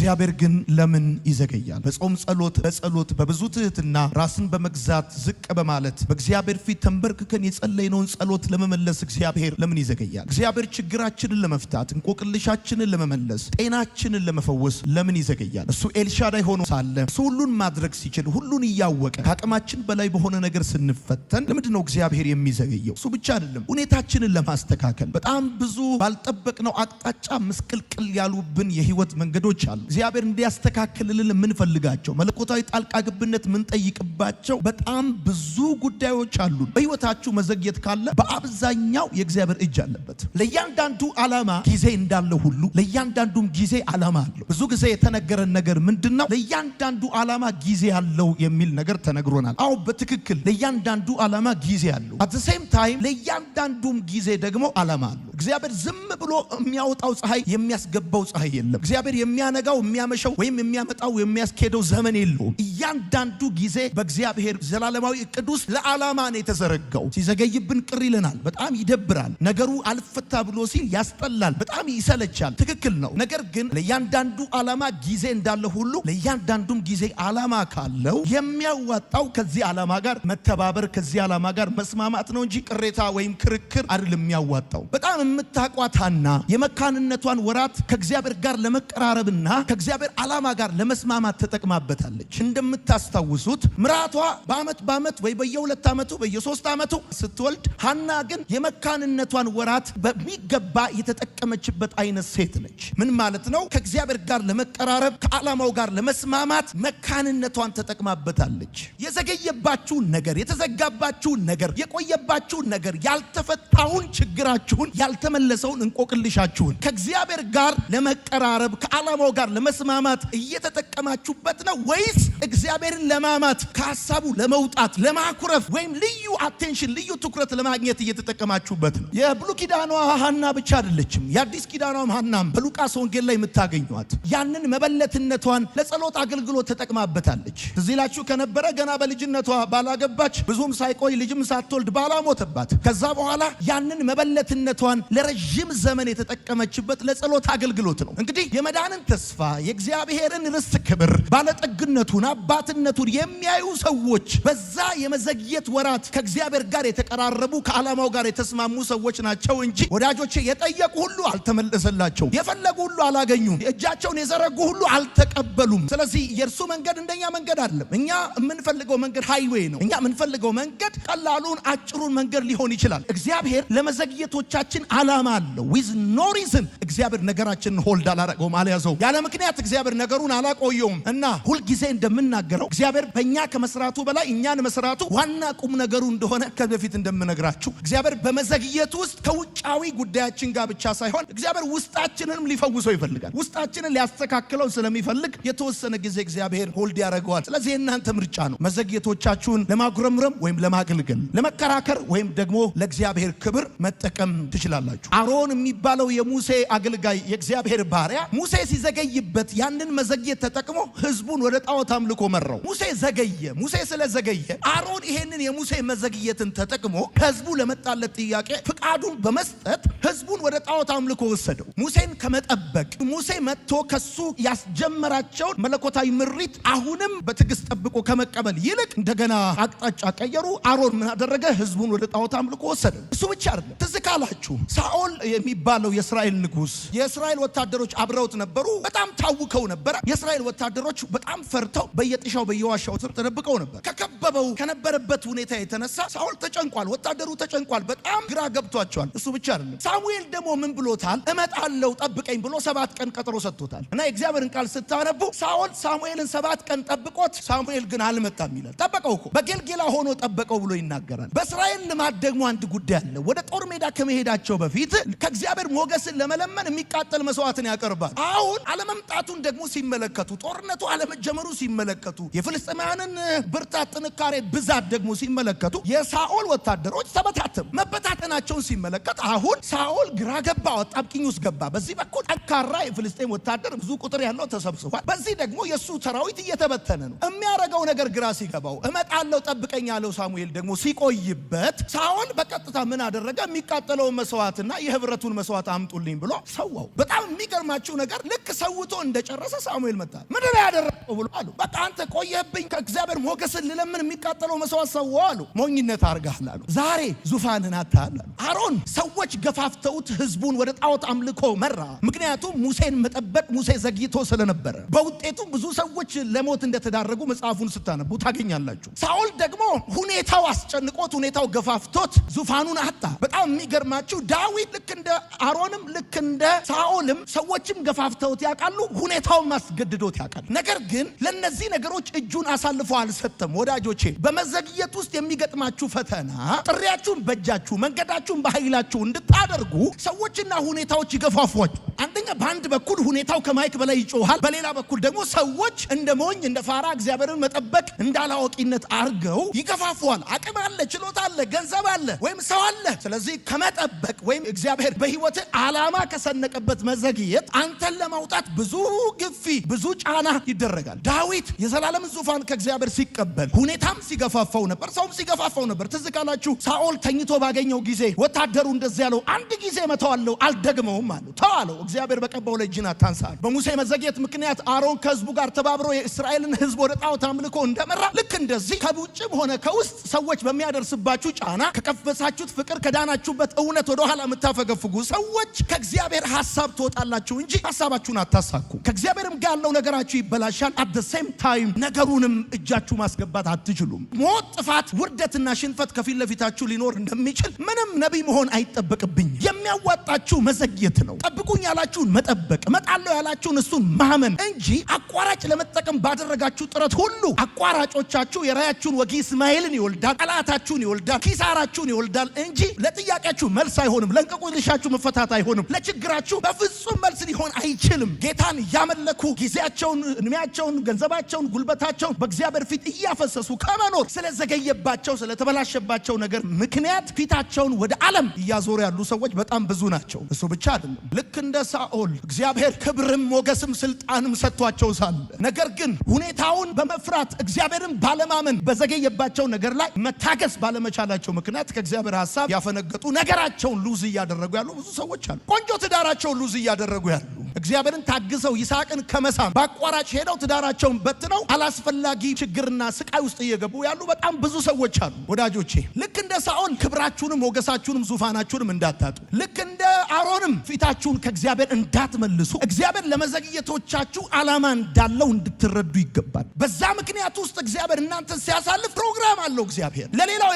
እግዚአብሔር ግን ለምን ይዘገያል? በጾም ጸሎት፣ በጸሎት በብዙ ትህትና ራስን በመግዛት ዝቅ በማለት በእግዚአብሔር ፊት ተንበርክከን የጸለይነውን ጸሎት ለመመለስ እግዚአብሔር ለምን ይዘገያል? እግዚአብሔር ችግራችንን ለመፍታት እንቆቅልሻችንን ለመመለስ ጤናችንን ለመፈወስ ለምን ይዘገያል? እሱ ኤልሻዳይ ሆኖ ሳለ እሱ ሁሉን ማድረግ ሲችል ሁሉን እያወቀ ከአቅማችን በላይ በሆነ ነገር ስንፈተን ለምንድን ነው እግዚአብሔር የሚዘገየው? እሱ ብቻ አይደለም፣ ሁኔታችንን ለማስተካከል በጣም ብዙ ባልጠበቅነው አቅጣጫ ምስቅልቅል ያሉብን የህይወት መንገዶች አሉ። እግዚአብሔር እንዲያስተካክልልን የምንፈልጋቸው መለኮታዊ ጣልቃ ግብነት የምንጠይቅባቸው በጣም ብዙ ጉዳዮች አሉ። በህይወታችሁ መዘግየት ካለ በአብዛኛው የእግዚአብሔር እጅ አለበት። ለእያንዳንዱ ዓላማ ጊዜ እንዳለ ሁሉ ለእያንዳንዱም ጊዜ ዓላማ አለው። ብዙ ጊዜ የተነገረን ነገር ምንድን ነው? ለእያንዳንዱ ዓላማ ጊዜ አለው የሚል ነገር ተነግሮናል። አዎ በትክክል ለእያንዳንዱ ዓላማ ጊዜ አለው። አት ሴም ታይም ለእያንዳንዱም ጊዜ ደግሞ ዓላማ አለው። እግዚአብሔር ዝም ብሎ የሚያወጣው ፀሐይ የሚያስገባው ፀሐይ የለም። እግዚአብሔር የሚያነጋው የሚያመሸው ወይም የሚያመጣው የሚያስኬደው ዘመን የለውም። እያንዳንዱ ጊዜ በእግዚአብሔር ዘላለማዊ እቅድ ውስጥ ለዓላማ ነው የተዘረጋው። ሲዘገይብን ቅር ይለናል፣ በጣም ይደብራል። ነገሩ አልፈታ ብሎ ሲል ያስጠላል፣ በጣም ይሰለቻል። ትክክል ነው። ነገር ግን ለእያንዳንዱ ዓላማ ጊዜ እንዳለ ሁሉ ለእያንዳንዱም ጊዜ ዓላማ ካለው የሚያዋጣው ከዚህ ዓላማ ጋር መተባበር ከዚህ ዓላማ ጋር መስማማት ነው እንጂ ቅሬታ ወይም ክርክር አይደለም የሚያዋጣው። በጣም የምታቋታና የመካንነቷን ወራት ከእግዚአብሔር ጋር ለመቀራረብና ከእግዚአብሔር ዓላማ ጋር ለመስማማት ተጠቅማበታለች። እንደምታስታውሱት ምራቷ በአመት በአመት ወይ በየሁለት ዓመቱ በየሶስት ዓመቱ ስትወልድ፣ ሀና ግን የመካንነቷን ወራት በሚገባ የተጠቀመችበት አይነት ሴት ነች። ምን ማለት ነው? ከእግዚአብሔር ጋር ለመቀራረብ ከዓላማው ጋር ለመስማማት መካንነቷን ተጠቅማበታለች። የዘገየባችሁን ነገር፣ የተዘጋባችሁን ነገር፣ የቆየባችሁን ነገር፣ ያልተፈታውን ችግራችሁን፣ ያልተመለሰውን እንቆቅልሻችሁን ከእግዚአብሔር ጋር ለመቀራረብ ከዓላማው ጋር ለመስማማት እየተጠቀማችሁበት ነው ወይስ እግዚአብሔርን ለማማት ከሀሳቡ ለመውጣት ለማኩረፍ ወይም ልዩ አቴንሽን ልዩ ትኩረት ለማግኘት እየተጠቀማችሁበት ነው? የብሉ ኪዳኗ ሀና ብቻ አይደለችም። የአዲስ ኪዳኗም ሀናም በሉቃስ ወንጌል ላይ የምታገኟት ያንን መበለትነቷን ለጸሎት አገልግሎት ተጠቅማበታለች። እዚህ ላችሁ ከነበረ ገና በልጅነቷ ባላገባች ብዙም ሳይቆይ ልጅም ሳትወልድ ባላ ሞተባት። ከዛ በኋላ ያንን መበለትነቷን ለረዥም ዘመን የተጠቀመችበት ለጸሎት አገልግሎት ነው። እንግዲህ የመዳንን ተስፋ የእግዚአብሔርን ርስት ክብር፣ ባለጠግነቱን፣ አባትነቱን የሚያዩ ሰዎች በዛ የመዘግየት ወራት ከእግዚአብሔር ጋር የተቀራረቡ ከዓላማው ጋር የተስማሙ ሰዎች ናቸው እንጂ ወዳጆቼ የጠየቁ ሁሉ አልተመለሰላቸው የፈለጉ ሁሉ አላገኙም። እጃቸውን የዘረጉ ሁሉ አልተቀበሉም። ስለዚህ የእርሱ መንገድ እንደኛ መንገድ አይደለም። እኛ የምንፈልገው መንገድ ሃይዌይ ነው። እኛ የምንፈልገው መንገድ ቀላሉን አጭሩን መንገድ ሊሆን ይችላል። እግዚአብሔር ለመዘግየቶቻችን ዓላማ አለው። ዊዝ ኖ ሪዝን እግዚአብሔር ነገራችንን ሆልድ አላረገውም፣ አልያዘውም። ምክንያት እግዚአብሔር ነገሩን አላቆየውም እና ሁልጊዜ እንደምናገረው እግዚአብሔር በእኛ ከመስራቱ በላይ እኛን መስራቱ ዋና ቁም ነገሩ እንደሆነ ከበፊት እንደምነግራችሁ እግዚአብሔር በመዘግየት ውስጥ ከውጫዊ ጉዳያችን ጋር ብቻ ሳይሆን እግዚአብሔር ውስጣችንንም ሊፈውሰው ይፈልጋል። ውስጣችንን ሊያስተካክለው ስለሚፈልግ የተወሰነ ጊዜ እግዚአብሔር ሆልድ ያደርገዋል። ስለዚህ የእናንተ ምርጫ ነው መዘግየቶቻችሁን ለማጉረምረም ወይም ለማገልገል፣ ለመከራከር ወይም ደግሞ ለእግዚአብሔር ክብር መጠቀም ትችላላችሁ። አሮን የሚባለው የሙሴ አገልጋይ የእግዚአብሔር ባሪያ ሙሴ ሲዘገይ የሚዘገይበት ያንን መዘግየት ተጠቅሞ ህዝቡን ወደ ጣዖት አምልኮ መራው። ሙሴ ዘገየ። ሙሴ ስለዘገየ አሮን ይሄንን የሙሴ መዘግየትን ተጠቅሞ ህዝቡ ለመጣለት ጥያቄ ፍቃዱን በመስጠት ህዝቡን ወደ ጣዖት አምልኮ ወሰደው። ሙሴን ከመጠበቅ ሙሴ መጥቶ ከሱ ያስጀመራቸውን መለኮታዊ ምሪት አሁንም በትዕግስት ጠብቆ ከመቀበል ይልቅ እንደገና አቅጣጫ ቀየሩ። አሮን ምን አደረገ? ህዝቡን ወደ ጣዖት አምልኮ ወሰደው። እሱ ብቻ አይደለም። ትዝ ካላችሁ ሳኦል የሚባለው የእስራኤል ንጉስ የእስራኤል ወታደሮች አብረውት ነበሩ። በጣም ታውከው ነበረ። የእስራኤል ወታደሮች በጣም ፈርተው በየጥሻው በየዋሻው ስር ተደብቀው ነበር። ከከበበው ከነበረበት ሁኔታ የተነሳ ሳኦል ተጨንቋል፣ ወታደሩ ተጨንቋል። በጣም ግራ ገብቷቸዋል። እሱ ብቻ አይደለም። ሳሙኤል ደግሞ ምን ብሎታል? እመጣለው ጠብቀኝ ብሎ ሰባት ቀን ቀጠሮ ሰጥቶታል። እና የእግዚአብሔርን ቃል ስታነቡ ሳኦል ሳሙኤልን ሰባት ቀን ጠብቆት ሳሙኤል ግን አልመጣም ይላል። ጠበቀው እኮ በጌልጌላ ሆኖ ጠበቀው ብሎ ይናገራል። በእስራኤል ልማድ ደግሞ አንድ ጉዳይ አለ። ወደ ጦር ሜዳ ከመሄዳቸው በፊት ከእግዚአብሔር ሞገስን ለመለመን የሚቃጠል መስዋዕትን ያቀርባል። አሁን አለመ መምጣቱን ደግሞ ሲመለከቱ፣ ጦርነቱ አለመጀመሩ ሲመለከቱ፣ የፍልስጤማውያንን ብርታት፣ ጥንካሬ፣ ብዛት ደግሞ ሲመለከቱ የሳኦል ወታደሮች ተበታተም መበታተናቸውን ሲመለከት አሁን ሳኦል ግራ ገባ፣ አጣብቂኝ ውስጥ ገባ። በዚህ በኩል ጠንካራ የፍልስጤም ወታደር ብዙ ቁጥር ያለው ተሰብስቧል። በዚህ ደግሞ የእሱ ሰራዊት እየተበተነ ነው። የሚያደርገው ነገር ግራ ሲገባው እመጣለው ጠብቀኝ ያለው ሳሙኤል ደግሞ ሲቆይበት ሳኦል በቀጥታ ምን አደረገ? የሚቃጠለውን መስዋዕትና የህብረቱን መስዋዕት አምጡልኝ ብሎ ሰዋው። በጣም የሚገርማችሁ ነገር ልክ ሰው አውርቶ እንደጨረሰ ሳሙኤል መጣ። ምንድን ነው ያደረገው ብሎ አሉ። በቃ አንተ ቆየህብኝ፣ ከእግዚአብሔር ሞገስን ልለምን የሚቃጠለው መስዋዕት ሰው አሉ። ሞኝነት አድርገሃል አሉ። ዛሬ ዙፋንን አታል አሮን ሰዎች ገፋፍተውት ህዝቡን ወደ ጣዖት አምልኮ መራ። ምክንያቱም ሙሴን መጠበቅ ሙሴ ዘግይቶ ስለነበረ፣ በውጤቱ ብዙ ሰዎች ለሞት እንደተዳረጉ መጽሐፉን ስታነቡ ታገኛላችሁ። ሳኦል ደግሞ ሁኔታው አስጨንቆት፣ ሁኔታው ገፋፍቶት ዙፋኑን አጣ። በጣም የሚገርማችሁ ዳዊት ልክ እንደ አሮንም ልክ እንደ ሳኦልም ሰዎችም ገፋፍተውት ያውቃሉ ሁኔታውን ማስገድዶት ያውቃል። ነገር ግን ለእነዚህ ነገሮች እጁን አሳልፎ አልሰጠም። ወዳጆቼ በመዘግየት ውስጥ የሚገጥማችሁ ፈተና ጥሪያችሁን በእጃችሁ መንገዳችሁን በኃይላችሁ እንድታደርጉ ሰዎችና ሁኔታዎች ይገፋፏችሁ። አንደኛ በአንድ በኩል ሁኔታው ከማይክ በላይ ይጮሃል፣ በሌላ በኩል ደግሞ ሰዎች እንደ ሞኝ እንደ ፋራ እግዚአብሔርን መጠበቅ እንዳላወቂነት አርገው አድርገው ይገፋፏል። አቅም አለ፣ ችሎታ አለ፣ ገንዘብ አለ ወይም ሰው አለ። ስለዚህ ከመጠበቅ ወይም እግዚአብሔር በህይወት አላማ ከሰነቀበት መዘግየት አንተን ለማውጣት ብዙ ብዙ ግፊ፣ ብዙ ጫና ይደረጋል። ዳዊት የዘላለምን ዙፋን ከእግዚአብሔር ሲቀበል ሁኔታም ሲገፋፋው ነበር፣ ሰውም ሲገፋፋው ነበር። ትዝ ካላችሁ ሳኦል ተኝቶ ባገኘው ጊዜ ወታደሩ እንደዚህ ያለው አንድ ጊዜ መተዋለው አልደግመውም አለው። ተዋለው እግዚአብሔር በቀባው ላይ እጅን አታንሳል። በሙሴ መዘግየት ምክንያት አሮን ከህዝቡ ጋር ተባብሮ የእስራኤልን ህዝብ ወደ ጣዖት አምልኮ እንደመራ ልክ እንደዚህ ከውጭም ሆነ ከውስጥ ሰዎች በሚያደርስባችሁ ጫና ከቀፈሳችሁት ፍቅር ከዳናችሁበት እውነት ወደኋላ የምታፈገፍጉ ሰዎች ከእግዚአብሔር ሀሳብ ትወጣላችሁ እንጂ ሀሳባችሁን አታሳ አታሳኩ። ከእግዚአብሔርም ጋር ያለው ነገራችሁ ይበላሻል። አት ዘ ሴም ታይም ነገሩንም እጃችሁ ማስገባት አትችሉም። ሞት፣ ጥፋት፣ ውርደትና ሽንፈት ከፊት ለፊታችሁ ሊኖር እንደሚችል ምንም ነቢይ መሆን አይጠበቅብኝም። የሚያዋጣችሁ መዘግየት ነው። ጠብቁኝ ያላችሁን መጠበቅ፣ እመጣለሁ ያላችሁን እሱን ማመን እንጂ አቋራጭ ለመጠቀም ባደረጋችሁ ጥረት ሁሉ አቋራጮቻችሁ የራያችሁን ወጊ እስማኤልን ይወልዳል፣ ጠላታችሁን ይወልዳል፣ ኪሳራችሁን ይወልዳል እንጂ ለጥያቄያችሁ መልስ አይሆንም። ለእንቅቁልሻችሁ መፈታት አይሆንም። ለችግራችሁ በፍጹም መልስ ሊሆን አይችልም። ጌታን እያመለኩ ጊዜያቸውን፣ እድሜያቸውን፣ ገንዘባቸውን፣ ጉልበታቸውን በእግዚአብሔር ፊት እያፈሰሱ ከመኖር ስለዘገየባቸው ስለተበላሸባቸው ነገር ምክንያት ፊታቸውን ወደ ዓለም እያዞሩ ያሉ ሰዎች በጣም ብዙ ናቸው። እሱ ብቻ አይደለም። ልክ እንደ ሳኦል እግዚአብሔር ክብርም ሞገስም ስልጣንም ሰጥቷቸው ሳለ ነገር ግን ሁኔታውን በመፍራት እግዚአብሔርን ባለማመን በዘገየባቸው ነገር ላይ መታገስ ባለመቻላቸው ምክንያት ከእግዚአብሔር ሀሳብ ያፈነገጡ ነገራቸውን ሉዝ እያደረጉ ያሉ ብዙ ሰዎች አሉ። ቆንጆ ትዳራቸውን ሉዝ እያደረጉ ያሉ እግዚአብሔርን ታግ ታግሰው ይስሐቅን ከመሳም በአቋራጭ ሄደው ትዳራቸውን በትነው አላስፈላጊ ችግርና ስቃይ ውስጥ እየገቡ ያሉ በጣም ብዙ ሰዎች አሉ። ወዳጆቼ ልክ እንደ ሳኦል ክብራችሁንም ወገሳችሁንም ዙፋናችሁንም እንዳታጡ፣ ልክ እንደ አሮንም ፊታችሁን ከእግዚአብሔር እንዳትመልሱ እግዚአብሔር ለመዘግየቶቻችሁ ዓላማ እንዳለው እንድትረዱ ይገባል። በዛ ምክንያት ውስጥ እግዚአብሔር እናንተን ሲያሳልፍ ፕሮግራም አለው እግዚአብሔር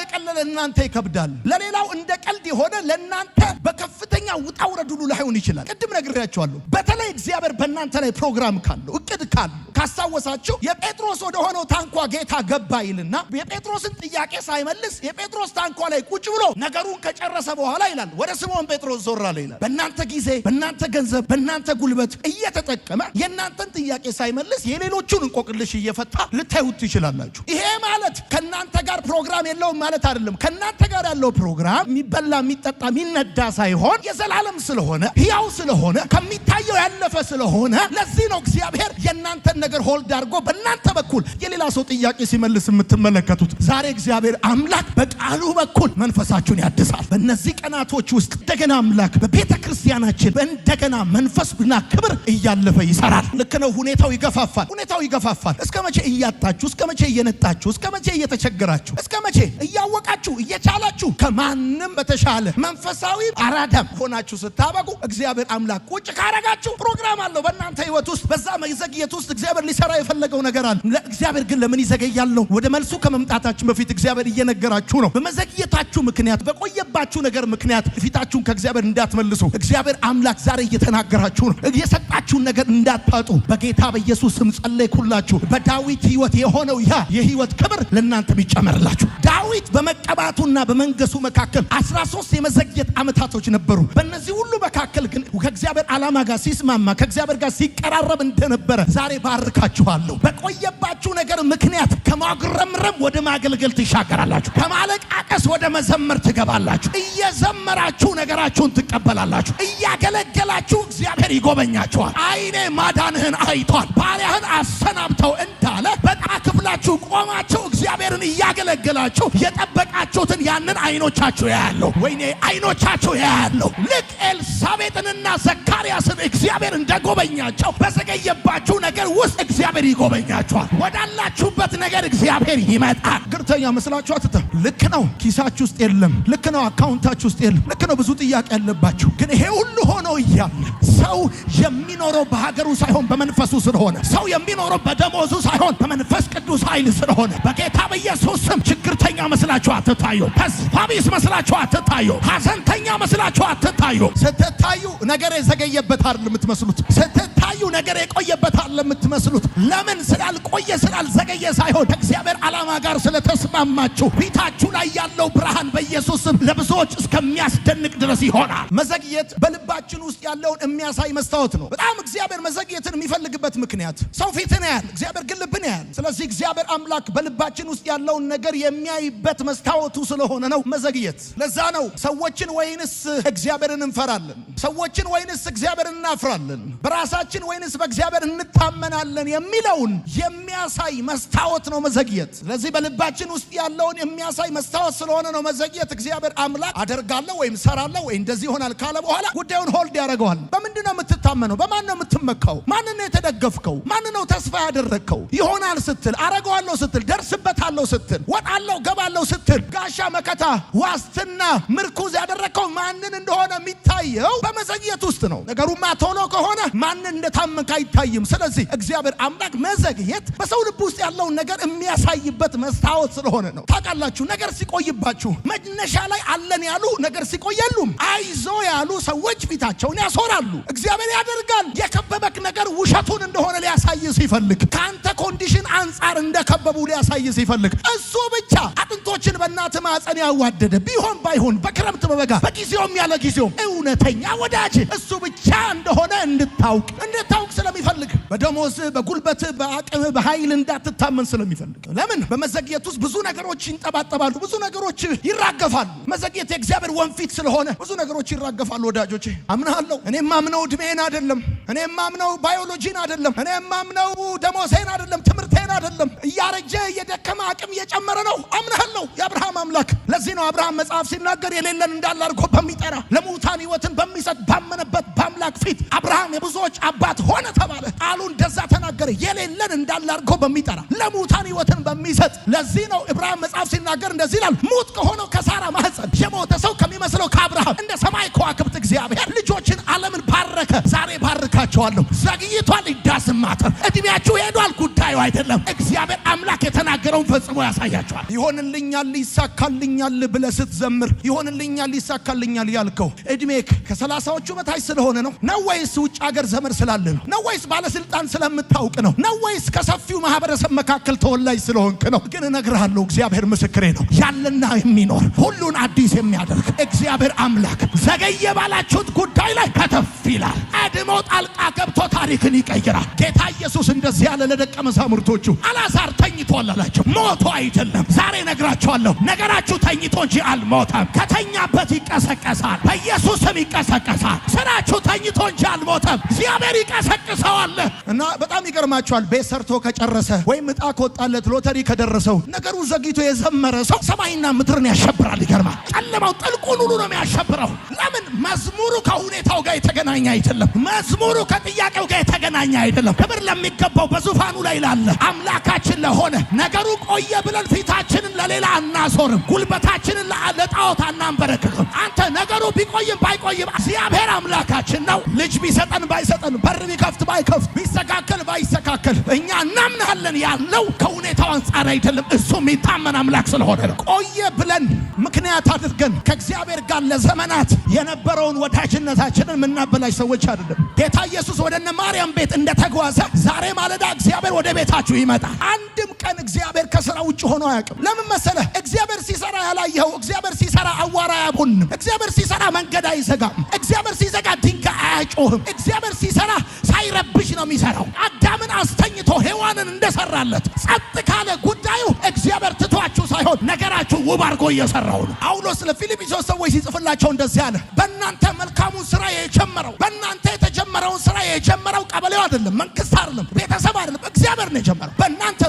ስለቀለለ እናንተ ይከብዳል። ለሌላው እንደ ቀልድ የሆነ ለእናንተ በከፍተኛ ውጣ ውረድ ሁሉ ላይሆን ይችላል። ቅድም ነግሬያቸዋለሁ። በተለይ እግዚአብሔር በእናንተ ላይ ፕሮግራም ካለው እቅድ ካለው ካስታወሳችሁ የጴጥሮስ ወደ ሆነው ታንኳ ጌታ ገባ ይልና የጴጥሮስን ጥያቄ ሳይመልስ የጴጥሮስ ታንኳ ላይ ቁጭ ብሎ ነገሩን ከጨረሰ በኋላ ይላል ወደ ስምዖን ጴጥሮስ ዞር አለ ይላል። በእናንተ ጊዜ፣ በእናንተ ገንዘብ፣ በእናንተ ጉልበት እየተጠቀመ የእናንተን ጥያቄ ሳይመልስ የሌሎቹን እንቆቅልሽ እየፈታ ልታዩት ትችላላችሁ። ይሄ ማለት ከእናንተ ጋር ፕሮግራም የለውም ማለት ማለት አይደለም። ከእናንተ ጋር ያለው ፕሮግራም የሚበላ የሚጠጣ የሚነዳ ሳይሆን የዘላለም ስለሆነ ህያው ስለሆነ ከሚታየው ያለፈ ስለሆነ ለዚህ ነው እግዚአብሔር የእናንተን ነገር ሆልድ አድርጎ በእናንተ በኩል የሌላ ሰው ጥያቄ ሲመልስ የምትመለከቱት። ዛሬ እግዚአብሔር አምላክ በቃሉ በኩል መንፈሳችሁን ያድሳል። በእነዚህ ቀናቶች ውስጥ እንደገና አምላክ በቤተ ክርስቲያናችን በእንደገና መንፈስና ክብር እያለፈ ይሰራል። ልክ ነው። ሁኔታው ይገፋፋል። ሁኔታው ይገፋፋል። እስከ መቼ እያጣችሁ፣ እስከ መቼ እየነጣችሁ፣ እስከ መቼ እየተቸገራችሁ፣ እስከ መቼ እያ እያወቃችሁ እየቻላችሁ ከማንም በተሻለ መንፈሳዊ አራዳም ሆናችሁ ስታበቁ እግዚአብሔር አምላክ ቁጭ ካረጋችሁ ፕሮግራም አለው በእናንተ ህይወት ውስጥ። በዛ መዘግየት ውስጥ እግዚአብሔር ሊሰራ የፈለገው ነገር አለ። እግዚአብሔር ግን ለምን ይዘገያል ነው። ወደ መልሱ ከመምጣታችን በፊት እግዚአብሔር እየነገራችሁ ነው። በመዘግየታችሁ ምክንያት፣ በቆየባችሁ ነገር ምክንያት ፊታችሁን ከእግዚአብሔር እንዳትመልሱ እግዚአብሔር አምላክ ዛሬ እየተናገራችሁ ነው። የሰጣችሁን ነገር እንዳታጡ በጌታ በኢየሱስ ስም ጸለይኩላችሁ። በዳዊት ህይወት የሆነው ያ የህይወት ክብር ለእናንተ ይጨመርላችሁ ዳዊት በመቀባቱና በመንገሱ መካከል 13 የመዘግየት ዓመታቶች ነበሩ። በእነዚህ ሁሉ መካከል ግን ከእግዚአብሔር ዓላማ ጋር ሲስማማ ከእግዚአብሔር ጋር ሲቀራረብ እንደነበረ ዛሬ ባርካችኋለሁ። በቆየባችሁ ነገር ምክንያት ከማጉረምረም ወደ ማገልገል ትሻገራላችሁ። ከማለቃቀስ ወደ መዘመር ትገባላችሁ። እየዘመራችሁ ነገራችሁን ትቀበላላችሁ። እያገለገላችሁ እግዚአብሔር ይጎበኛችኋል። አይኔ ማዳንህን አይቷል፣ ባሪያህን አሰናብተው እንዳለ በጣ ክፍላችሁ ቆማችሁ እግዚአብሔርን እያገለገላችሁ የጠበቃችሁትን ያንን አይኖቻችሁ ያያለሁ። ወይኔ አይኖቻችሁ ያያለሁ። ልክ ኤልሳቤጥንና ዘካርያስን እግዚአብሔር እንደጎበኛቸው በዘገየባችሁ ነገር ውስጥ እግዚአብሔር ይጎበኛችኋል። ወዳላችሁበት ነገር እግዚአብሔር ይመጣል። ግርተኛ መስላችሁ አትተ ልክ ነው፣ ኪሳችሁ ውስጥ የለም። ልክ ነው፣ አካውንታችሁ ውስጥ የለም። ልክ ነው፣ ብዙ ጥያቄ ያለባችሁ። ግን ይሄ ሁሉ ሆኖ እያለ ሰው የሚኖረው በሀገሩ ሳይሆን በመንፈሱ ስለሆነ፣ ሰው የሚኖረው በደሞዙ ሳይሆን በመንፈስ ቅዱስ ኃይል ስለሆነ በጌታ በኢየሱስ ስም ችግርተኛ መስ መስላችሁ አትታዩ። ተስፋ ቢስ መስላችሁ አትታዩ። ሀዘንተኛ መስላችሁ አትታዩ። ስትታዩ ነገር የዘገየበት አይደል የምትመስሉት። ስትታዩ ነገር የቆየበት አይደል የምትመስሉት። ለምን ስላልቆየ ስላልዘገየ ሳይሆን ከእግዚአብሔር ዓላማ ጋር ስለተስማማችሁ ፊታችሁ ላይ ያለው ብርሃን በኢየሱስ ስም ለብዙዎች እስከሚያስደንቅ ድረስ ይሆናል። መዘግየት በልባችን ውስጥ ያለውን የሚያሳይ መስታወት ነው። በጣም እግዚአብሔር መዘግየትን የሚፈልግበት ምክንያት ሰው ፊትን ያህል እግዚአብሔር ግን ልብን ስለዚህ እግዚአብሔር አምላክ በልባችን ውስጥ ያለውን ነገር የሚያይበት የእምነት መስታወቱ ስለሆነ ነው መዘግየት። ለዛ ነው ሰዎችን ወይንስ እግዚአብሔርን እንፈራለን? ሰዎችን ወይንስ እግዚአብሔርን እናፍራለን? በራሳችን ወይንስ በእግዚአብሔር እንታመናለን? የሚለውን የሚያሳይ መስታወት ነው መዘግየት። ስለዚህ በልባችን ውስጥ ያለውን የሚያሳይ መስታወት ስለሆነ ነው መዘግየት። እግዚአብሔር አምላክ አደርጋለሁ ወይም ሰራለሁ ወይ እንደዚህ ይሆናል ካለ በኋላ ጉዳዩን ሆልድ ያደርገዋል። በምንድን ነው የምትታመነው? በማን ነው የምትመካው? ማን ነው የተደገፍከው? ማን ነው ተስፋ ያደረግከው? ይሆናል ስትል፣ አረገዋለሁ ስትል፣ ደርስበታለሁ ስትል፣ ወጣለሁ ገባለሁ ስትል ጋሻ፣ መከታ፣ ዋስትና፣ ምርኩዝ ያደረግከው ማንን እንደሆነ የሚታየው በመዘግየት ውስጥ ነው። ነገሩማ ቶሎ ከሆነ ማንን እንደታመንክ አይታይም። ስለዚህ እግዚአብሔር አምላክ መዘግየት በሰው ልብ ውስጥ ያለውን ነገር የሚያሳይበት መስታወት ስለሆነ ነው። ታውቃላችሁ፣ ነገር ሲቆይባችሁ መነሻ ላይ አለን ያሉ ነገር ሲቆየሉም አይዞ ያሉ ሰዎች ፊታቸውን ያሶራሉ። እግዚአብሔር ያደርጋል። የከበበክ ነገር ውሸቱን እንደሆነ ሊያሳይ ሲፈልግ፣ ከአንተ ኮንዲሽን አንጻር እንደከበቡ ሊያሳይ ሲፈልግ እሱ ብቻ አጥንቶ እናቶችን በእናት ማፀን ያዋደደ ቢሆን ባይሆን በክረምት በበጋ በጊዜውም ያለ ጊዜውም እውነተኛ ወዳጅ እሱ ብቻ እንደሆነ እንድታውቅ እንድታውቅ ስለሚፈልግ በደሞዝ በጉልበት በአቅም በኃይል እንዳትታመን ስለሚፈልግ ለምን በመዘግየት ውስጥ ብዙ ነገሮች ይንጠባጠባሉ፣ ብዙ ነገሮች ይራገፋሉ። መዘግየት የእግዚአብሔር ወንፊት ስለሆነ ብዙ ነገሮች ይራገፋሉ። ወዳጆች አምናለሁ። እኔ ማምነው እድሜን አይደለም፣ እኔ ማምነው ባዮሎጂን አይደለም፣ እኔ ማምነው ደሞሴን አይደለም፣ ትምህርቴን አይደለም። እያረጀ እየደከመ አቅም እየጨመረ ነው። አምናለሁ የአብርሃም አምላክ። ለዚህ ነው አብርሃም መጽሐፍ ሲናገር የሌለን እንዳለ አድርጎ በሚጠራ ለሙታን ህይወትን በሚሰጥ ባመነበት በአምላክ ፊት አብርሃም የብዙዎች አባት ሆነ ተባለ። ቃሉ እንደዛ ተናገረ። የሌለን እንዳለ አድርጎ በሚጠራ ለሙታን ህይወትን በሚሰጥ ለዚህ ነው እብርሃም መጽሐፍ ሲናገር እንደዚህ ይላል፣ ሙት ከሆነው ከሳራ ማህፀን የሞተ ሰው ከሚመስለው ከአብርሃም እንደ ሰማይ ከዋክብት እግዚአብሔር ልጆችን ዓለምን ባረከ። ዛሬ ባርካቸዋለሁ። ዘግይቷል፣ ይዳዝማተር እድሜያችሁ ሄዷል፣ ጉዳዩ አይደለም። እግዚአብሔር አምላክ የተናገረውን ፈጽሞ ያሳያቸዋል። ይሆንልኛል፣ ይሳካልኛል ብለህ ስትዘምር ይሆንልኛል፣ ይሳካልኛል ያልከው እድሜ ከሰላሳዎቹ በታች ስለሆነ ነው ነው ወይስ ውጭ ሀገር ዘመድ ስላለ ነው ነው ወይስ ባለስልጣን ስለምታውቅ ነው ነው ወይስ ከሰፊው ማህበረሰብ መካከል ተወላጅ ስለሆንክ ነው? ግን እነግርሃለሁ፣ እግዚአብሔር ምስክሬ ነው። ያለና የሚኖር ሁሉን አዲስ የሚያደርግ እግዚአብሔር አምላክ ዘገየ ባላችሁት ጉዳይ ላይ ከተፍ ይላል። ቀድሞ ጣልቃ ገብቶ ታሪክን ይቀይራል። ጌታ ኢየሱስ እንደዚህ ያለ ለደቀ መዛሙርቶቹ አላዛር ተኝቷል አላቸው። ሞቶ አይደለም። ዛሬ ነግራችኋለሁ፣ ነገራችሁ ተኝቶ እንጂ አልሞተም። ከተኛበት ይቀሰቀሳል፣ በኢየሱስም ይቀሰቀሳል። ስራችሁ ተኝቶ እንጂ አልሞተም። እግዚአብሔር ይቀሰቅሰዋል። እና በጣም ይገርማችኋል። ቤት ሰርቶ ከጨረሰ ወይም ዕጣ ከወጣለት ሎተሪ ከደረሰው ነገሩ ዘግይቶ የዘመረ ሰው ሰማይና ምድርን ያሸብራል። ይገርማል። ጨለማው ጥልቁን ሁሉ ነው የሚያሸብረው። ለምን? መዝሙሩ ከሁኔታው ጋር የተገናኘ አይደለም። መዝሙሩ ከጥያቄው ጋር የተገናኘ አይደለም። ክብር ለሚገባው በዙፋኑ ላይ ላለ አምላካችን ለሆነ ነገሩ ቆየ ብለን ፊታችንን ለሌላ አናዞርም። ጉልበታችንን ለጣዖት አናንበረክክም። አንተ ነገሩ ቢቆይም ባይቆይም እግዚአብሔር አምላካችን ነው። ልጅ ቢሰጠን ባይሰጠን፣ በር ቢከፍት ባይከፍት፣ ቢስተካከል ባይስተካከል እኛ እናምናለን ያለው ከውነ አንጻር አይደለም። እሱ የሚታመን አምላክ ስለሆነ ነው። ቆየ ብለን ምክንያት አድርገን ከእግዚአብሔር ጋር ለዘመናት የነበረውን ወዳጅነታችንን የምናበላሽ ሰዎች አይደለም። ጌታ ኢየሱስ ወደ እነ ማርያም ቤት እንደተጓዘ ዛሬ ማለዳ እግዚአብሔር ወደ ቤታችሁ ይመጣል። አንድም ቀን እግዚአብሔር ከስራ ውጭ ሆኖ አያውቅም። ለምን መሰለህ? እግዚአብሔር ሲሰራ ያላየኸው፣ እግዚአብሔር ሲሰራ አዋራ አያቦንም፣ እግዚአብሔር ሲሰራ መንገድ አይዘጋም፣ እግዚአብሔር ሲዘጋ ድንጋይ አያጮህም። እግዚአብሔር ሲሰራ ሳይረብሽ ነው የሚሰራው። አዳምን አስተኝቶ ሔዋንን እንደሰራለት ጸጥ ካለ ጉዳዩ እግዚአብሔር ትቷችሁ ሳይሆን ነገራችሁ ውብ አድርጎ እየሰራው ነው። ጳውሎስ ለፊልጵሶስ ሰዎች ሲጽፍላቸው እንደዚህ አለ። በእናንተ መልካሙን ስራ የጀመረው በእናንተ የተጀመረውን ስራ የጀመረው ቀበሌው አይደለም፣ መንግስት አይደለም፣ ቤተሰብ አይደለም፣ እግዚአብሔር ነው የጀመረው። በእናንተ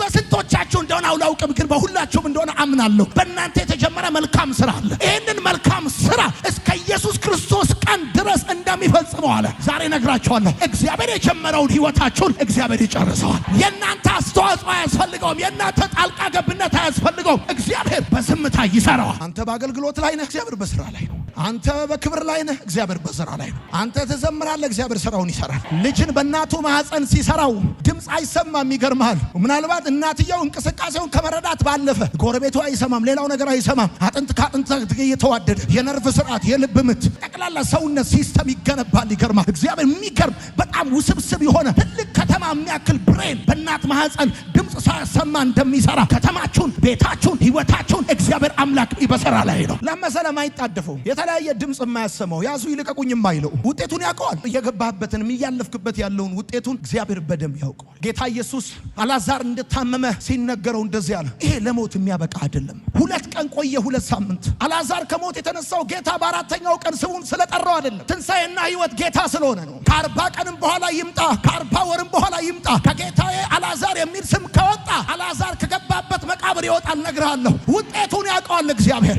በስንቶቻችሁ እንደሆነ አውላውቅም፣ ግን በሁላችሁም እንደሆነ አምናለሁ። በእናንተ የተጀመረ መልካም ስራ አለ። ይህንን መልካም ስራ እስከ ኢየሱስ ክርስቶስ ቀን ድረስ የሚፈጽመው አለ። ዛሬ ነግራቸዋለሁ። እግዚአብሔር የጀመረውን ህይወታችሁን እግዚአብሔር ይጨርሰዋል። የእናንተ አስተዋጽኦ አያስፈልገውም። የእናንተ ጣልቃ ገብነት አያስፈልገውም። እግዚአብሔር በዝምታ ይሰራዋል። አንተ በአገልግሎት ላይ ነህ፣ እግዚአብሔር በስራ ላይ ነው። አንተ በክብር ላይ ነህ፣ እግዚአብሔር በስራ ላይ ነው። አንተ ትዘምራለህ፣ እግዚአብሔር ስራውን ይሰራል። ልጅን በእናቱ ማህፀን ሲሰራው ድምፅ አይሰማም። ይገርማል። ምናልባት እናትየው እንቅስቃሴውን ከመረዳት ባለፈ ጎረቤቱ አይሰማም፣ ሌላው ነገር አይሰማም። አጥንት ከአጥንት እየተዋደደ የነርቭ ስርዓት፣ የልብ ምት፣ ጠቅላላ ሰውነት ሲስተም ይገነባል። ይገርማል። እግዚአብሔር የሚገርም በጣም ውስብስብ የሆነ ትልቅ ከተማ የሚያክል ብሬን በእናት ማህፀን ድምፅ ሳያሰማ እንደሚሰራ ከተማችሁን፣ ቤታችሁን፣ ህይወታችሁን እግዚአብሔር አምላክ በስራ ላይ ነው። ለመሰለም አይጣደፈውም የተለያየ ድምፅ የማያሰማው ያዙ ይልቀቁኝ የማይለው ውጤቱን ያውቀዋል። እየገባህበትን እያለፍክበት ያለውን ውጤቱን እግዚአብሔር በደንብ ያውቀዋል። ጌታ ኢየሱስ አላዛር እንደታመመ ሲነገረው እንደዚህ አለ፣ ይሄ ለሞት የሚያበቃ አይደለም። ሁለት ቀን ቆየ፣ ሁለት ሳምንት። አላዛር ከሞት የተነሳው ጌታ በአራተኛው ቀን ስሙን ስለጠራው አይደለም። ትንሣኤና ህይወት ጌታ ስለሆነ ነው። ከአርባ ቀንም በኋላ ይምጣ፣ ከአርባ ወርም በኋላ ይምጣ፣ ከጌታዬ አላዛር የሚል ስም ከወጣ አላዛር ከገባበት መቃብር ይወጣል። ነግርሃለሁ፣ ውጤቱን ያውቀዋል እግዚአብሔር።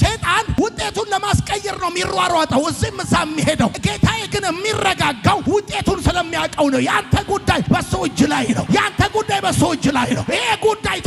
ሴጣን ውጤቱን ለማስ ለመቀየር ነው የሚሯሯጠው፣ እዚህም እዛ የሚሄደው። ጌታዬ ግን የሚረጋጋው ውጤቱን ስለሚያውቀው ነው። ያንተ ጉዳይ በሱ እጅ ላይ ነው። ያንተ ጉዳይ በሱ እጅ ላይ ነው። ይሄ ጉዳይ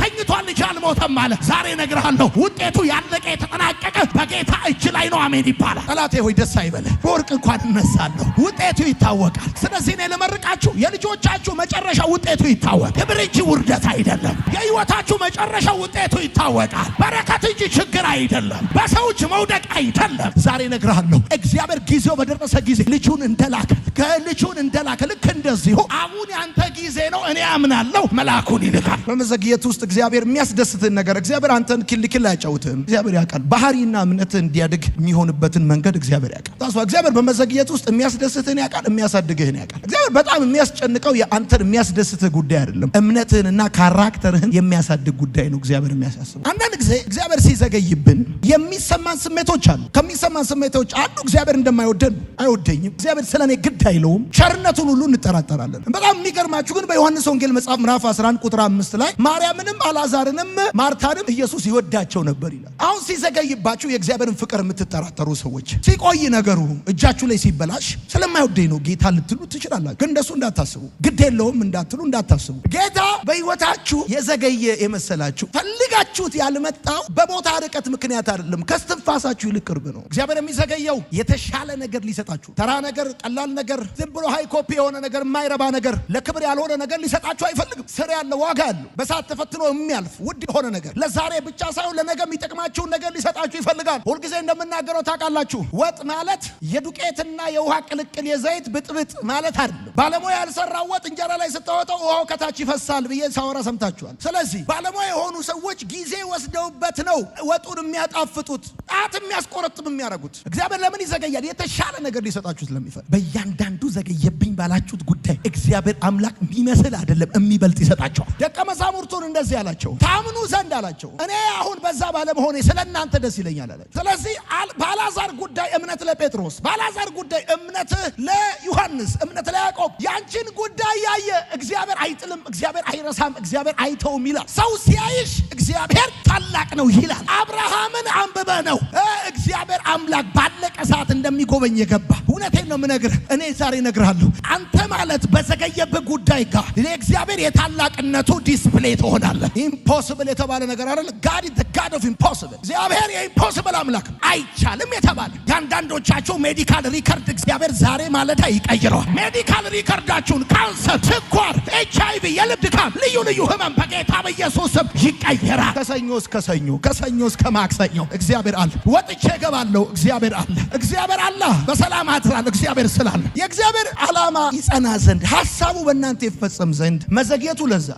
አልሞተም አለ። ዛሬ እነግርሃለሁ ውጤቱ ያለቀ የተጠናቀቀ በጌታ እጅ ላይ ነው። አሜን ይባላል። ጠላቴ ሆይ ደስ አይበልህ፣ በወርቅ እንኳን እነሳለሁ። ውጤቱ ይታወቃል። ስለዚህ እኔ ልመርቃችሁ፣ የልጆቻችሁ መጨረሻ ውጤቱ ይታወቅ። ክብር እንጂ ውርደት አይደለም። የህይወታችሁ መጨረሻ ውጤቱ ይታወቃል። በረከት እንጂ ችግር አይደለም። በሰው መውደቅ አይደለም። ዛሬ እነግርሃለሁ እግዚአብሔር ጊዜው በደረሰ ጊዜ ልጁን እንደላከ ከልጁን እንደላከ ልክ እንደዚሁ አሁን ያንተ ጊዜ ነው። እኔ አምናለሁ መላኩን ይልካል። በመዘግየት ውስጥ እግዚአብሔር የሚያስደስ የሚያስደስትን ነገር እግዚአብሔር አንተን ኪልኪል አያጫውትህም። እግዚአብሔር ያውቃል። ባህሪና እምነትህ እንዲያድግ የሚሆንበትን መንገድ እግዚአብሔር ያውቃል። ታሷ እግዚአብሔር በመዘግየት ውስጥ የሚያስደስትህን ያውቃል፣ የሚያሳድግህን ያውቃል። እግዚአብሔር በጣም የሚያስጨንቀው የአንተን የሚያስደስትህ ጉዳይ አይደለም፣ እምነትህንና ካራክተርህን የሚያሳድግ ጉዳይ ነው እግዚአብሔር የሚያሳስበው። አንዳንድ ጊዜ እግዚአብሔር ሲዘገይብን የሚሰማን ስሜቶች አሉ። ከሚሰማን ስሜቶች አንዱ እግዚአብሔር እንደማይወደን አይወደኝም፣ እግዚአብሔር ስለ እኔ ግድ አይለውም፣ ቸርነቱን ሁሉ እንጠራጠራለን። በጣም የሚገርማችሁ ግን በዮሐንስ ወንጌል መጽሐፍ ምዕራፍ 11 ቁጥር 5 ላይ ማርያምንም አላዛርንም ማርታንም ኢየሱስ ይወዳቸው ነበር ይላል። አሁን ሲዘገይባችሁ የእግዚአብሔርን ፍቅር የምትጠራጠሩ ሰዎች ሲቆይ ነገሩ እጃችሁ ላይ ሲበላሽ ስለማይወደኝ ነው ጌታ ልትሉ ትችላላችሁ። ግን እንደሱ እንዳታስቡ፣ ግድ የለውም እንዳትሉ እንዳታስቡ። ጌታ በህይወታችሁ የዘገየ የመሰላችሁ ፈልጋችሁት ያልመጣው በቦታ ርቀት ምክንያት አይደለም፣ ከስትንፋሳችሁ ይልቅ ቅርብ ነው። እግዚአብሔር የሚዘገየው የተሻለ ነገር ሊሰጣችሁ፣ ተራ ነገር፣ ቀላል ነገር፣ ዝም ብሎ ሃይኮፒ የሆነ ነገር፣ የማይረባ ነገር፣ ለክብር ያልሆነ ነገር ሊሰጣችሁ አይፈልግም። ስር ያለ ዋጋ ያለው በሰዓት ተፈትኖ የሚያልፍ ውድ ሆነ ነገር ለዛሬ ብቻ ሳይሆን ለነገ የሚጠቅማችሁን ነገር ሊሰጣችሁ ይፈልጋል። ሁልጊዜ እንደምናገረው ታውቃላችሁ፣ ወጥ ማለት የዱቄትና የውሃ ቅልቅል የዘይት ብጥብጥ ማለት አይደለም። ባለሙያ ያልሰራው ወጥ እንጀራ ላይ ስታወጣው ውሃው ከታች ይፈሳል ብዬ ሳወራ ሰምታችኋል። ስለዚህ ባለሙያ የሆኑ ሰዎች ጊዜ ወስደውበት ነው ወጡን የሚያጣፍጡት። ጣት የሚያስቆረጥም የሚያደርጉት እግዚአብሔር ለምን ይዘገያል? የተሻለ ነገር ሊሰጣችሁ ስለሚፈል። በእያንዳንዱ ዘገየብኝ ባላችሁት ጉዳይ እግዚአብሔር አምላክ የሚመስል አይደለም የሚበልጥ ይሰጣቸዋል። ደቀ መዛሙርቱን እንደዚህ አላቸው፣ ታምኑ ዘንድ አላቸው። እኔ አሁን በዛ ባለመሆኔ ስለ እናንተ ደስ ይለኛል አለ። ስለዚህ ባላዛር ጉዳይ እምነት ለጴጥሮስ፣ ባላዛር ጉዳይ እምነት ለዮሐንስ፣ እምነት ለያዕቆብ። ያንቺን ጉዳይ ያየ እግዚአብሔር አይጥልም፣ እግዚአብሔር አይረሳም፣ እግዚአብሔር አይተውም ይላል። ሰው ሲያይሽ እግዚአብሔር ታላቅ ነው ይላል። አብርሃምን አንብበ ነው እግዚአብሔር አምላክ ባለቀ ሰዓት እንደሚጎበኝ የገባ እውነቴን ነው የምነግርህ። እኔ ዛሬ እነግርሃለሁ። አንተ ማለት በዘገየብህ ጉዳይ ጋር ለእግዚአብሔር የታላቅነቱ ዲስፕሌይ ትሆናለህ። ኢምፖስብል የተባለ ነገር አይደል? ጋድ ኢዝ ዘ ጋድ ኦፍ ኢምፖስብል። እግዚአብሔር የኢምፖስብል አምላክ አይቻልም የተባለ የአንዳንዶቻቸው ሜዲካል ሪከርድ እግዚአብሔር ዛሬ ማለዳ ይቀይረዋል። ሜዲካል ሪከርዳችሁን ካንሰር፣ ስኳር፣ ኤች አይ ቪ፣ የልብ ድካም፣ ልዩ ልዩ ህመም በጌታ በኢየሱስ ስም ይቀየራል። ከሰኞ እስከ ሰኞ ከሰኞ እስከ ማክሰኞ እግዚአብሔር አለ ይገባል። ወጥቼ እገባለሁ። እግዚአብሔር አለ። እግዚአብሔር አለ። በሰላም አድራለሁ። እግዚአብሔር ስላለ የእግዚአብሔር ዓላማ ይጸና ዘንድ ሀሳቡ በእናንተ ይፈጸም ዘንድ መዘግየቱ ለዛ